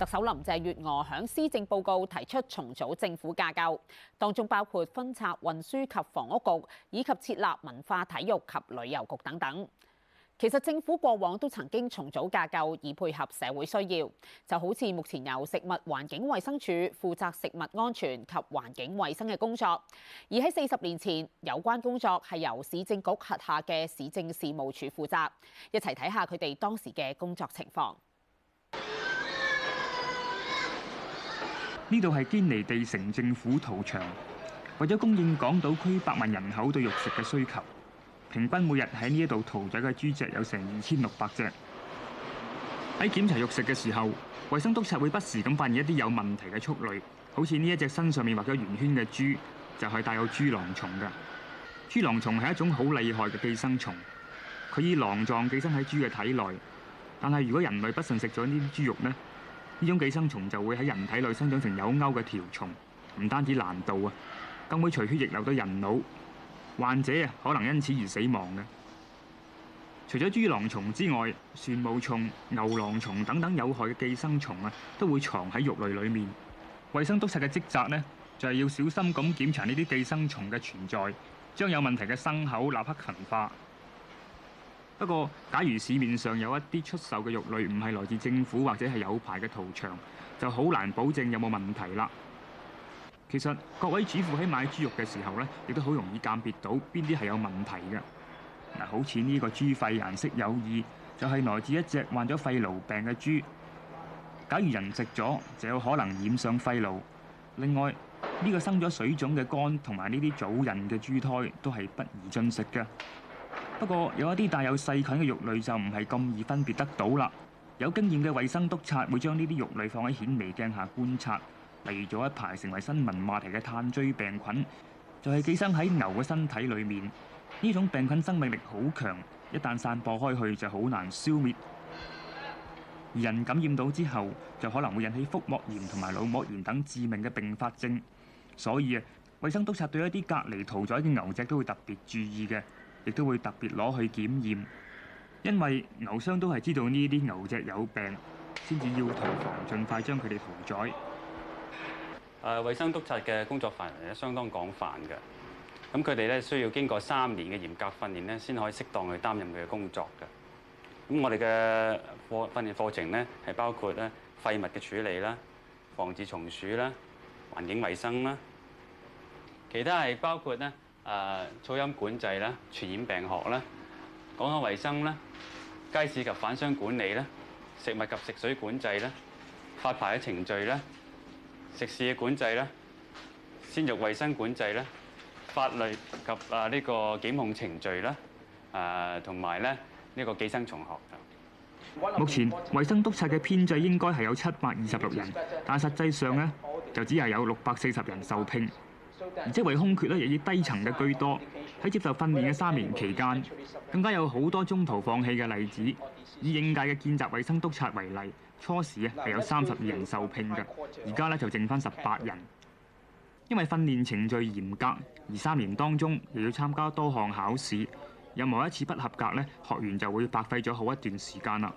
特首林鄭月娥響施政報告提出重組政府架構，當中包括分拆運輸及房屋局，以及設立文化、體育及旅遊局等等。其實政府過往都曾經重組架構以配合社會需要，就好似目前由食物環境衞生署負責食物安全及環境衞生嘅工作，而喺四十年前，有關工作係由市政局轄下嘅市政事務署負責。一齊睇下佢哋當時嘅工作情況。呢度係堅尼地城政府屠場，為咗供應港島區百萬人口對肉食嘅需求，平均每日喺呢一度屠宰嘅豬隻有成二千六百隻。喺檢查肉食嘅時候，衞生督察會不時咁發現一啲有問題嘅畜類，好似呢一隻身上面畫咗圓圈嘅豬，就係帶有豬囊蟲嘅。豬囊蟲係一種好厲害嘅寄生蟲，佢以囊狀寄生喺豬嘅體內。但係如果人類不慎食咗呢啲豬肉呢？呢種寄生蟲就會喺人體內生長成有鈎嘅條蟲，唔單止難度啊，更會隨血液流到人腦，患者啊可能因此而死亡嘅。除咗豬囊蟲之外，旋毛蟲、牛囊蟲等等有害嘅寄生蟲啊，都會藏喺肉類裡面。衞生督察嘅職責呢，就係、是、要小心咁檢查呢啲寄生蟲嘅存在，將有問題嘅牲口立刻焚化。不過，假如市面上有一啲出售嘅肉類唔係來自政府或者係有牌嘅屠場，就好難保證有冇問題啦。其實各位主婦喺買豬肉嘅時候呢，亦都好容易鑑別到邊啲係有問題嘅。嗱，好似呢個豬肺顏色有異，就係來自一隻患咗肺癆病嘅豬。假如人食咗，就有可能染上肺癆。另外，呢個生咗水腫嘅肝同埋呢啲早孕嘅豬胎都係不宜進食嘅。不過，有一啲帶有細菌嘅肉類就唔係咁易分別得到啦。有經驗嘅衞生督察會將呢啲肉類放喺顯微鏡下觀察。嚟咗一排成為新聞話題嘅炭疽病菌，就係寄生喺牛嘅身體裏面。呢種病菌生命力好強，一旦散播開去就好難消滅。人感染到之後，就可能會引起腹膜炎同埋腦膜炎等致命嘅併發症。所以啊，衞生督察對一啲隔離屠宰嘅牛隻都會特別注意嘅。亦都會特別攞去檢驗，因為牛商都係知道呢啲牛隻有病，先至要屠房盡快將佢哋屠宰。誒，衞生督察嘅工作範圍咧相當廣泛嘅，咁佢哋咧需要經過三年嘅嚴格訓練咧，先可以適當去擔任佢嘅工作嘅。咁我哋嘅課訓練課程咧係包括咧廢物嘅處理啦、防止蟲鼠啦、環境衞生啦，其他係包括咧。誒噪音管制啦、傳染病學啦、港口衞生啦、街市及販商管理啦、食物及食水管制啦、發牌嘅程序啦、食肆嘅管制啦、鮮肉衞生管制啦、法律及誒呢個檢控程序啦，誒同埋咧呢個寄生蟲學。目前衞生督察嘅編制應該係有七百二十六人，但實際上咧就只係有六百四十人受聘。而職位空缺咧，亦以低層嘅居多。喺接受訓練嘅三年期間，更加有好多中途放棄嘅例子。以應屆嘅見習衞生督察為例，初時啊係有三十二人受聘嘅，而家咧就剩翻十八人。因為訓練程序嚴格，而三年當中又要參加多項考試，任何一次不合格咧，學員就會白費咗好一段時間啦。